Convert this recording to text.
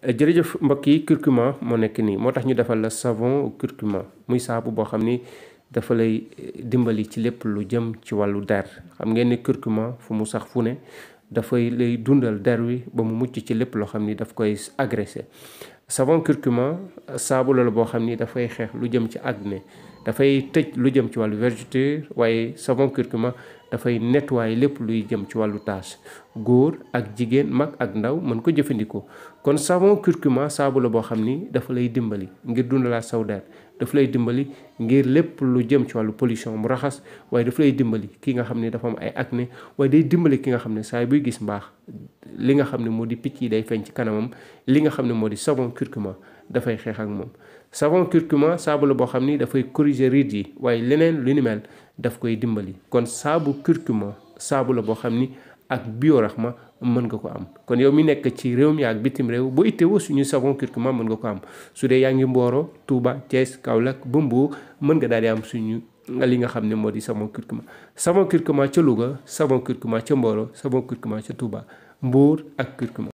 jërëjëf mbokk yi curcuma moo nekk nii moo tax ñu defal la savon curcuma muy saabu boo xam ni dafa lay eh, dimbali ci lépp lu jëm ci wàllu der xam ngeen ne curcuma fu mu sax fu ne dafay lay dundal der wi ba mu mucc ci lépp loo xam ni daf koy agressé savon curcuma saabu la boo xam ni dafay xeex lu jëm ci acné dafay tëj lu jëm ci wàllu vergeture waaye savon curcuma dafay nettoyer lépp luy jëm ci wàllu tache góor ak jigéen mag ak ndaw mën ko jëfandikoo kon savon curcuma saabu la boo xam ni dafa lay dimbali ngir dundalaat saw deret dafa lay dimbali ngir lépp lu jëm ci wàllu pollution mu raxas waaye dafa lay dimbali ki nga xam ne dafa am ay acné waaye day dimbali ki nga xam ne saa buy gis mbaax li nga xam ne moo di picc yi day feeñ ci kanamam li nga xam ne moo di savon curcuma dafay xeex ak moom savon curcuma saabu la boo xam ni dafay corriger rides yi waaye leneen lu ni mel daf koy dimbali kon saabu curcuma saabu la boo xam ni ak ma mën nga ko am kon yow mi nekk ci réew mi ak bitim réew boo itteewoo suñu savon curcuma mën nga ko am su dee yaa ngi Mboro Touba Thiès Kaolack Bumbu mën nga daal di am suñu nga li nga xam ne moo di savon curcuma savon curcuma ca Louga savon curcuma ca Mboro savon curcuma ca Touba Mbour ak curcuma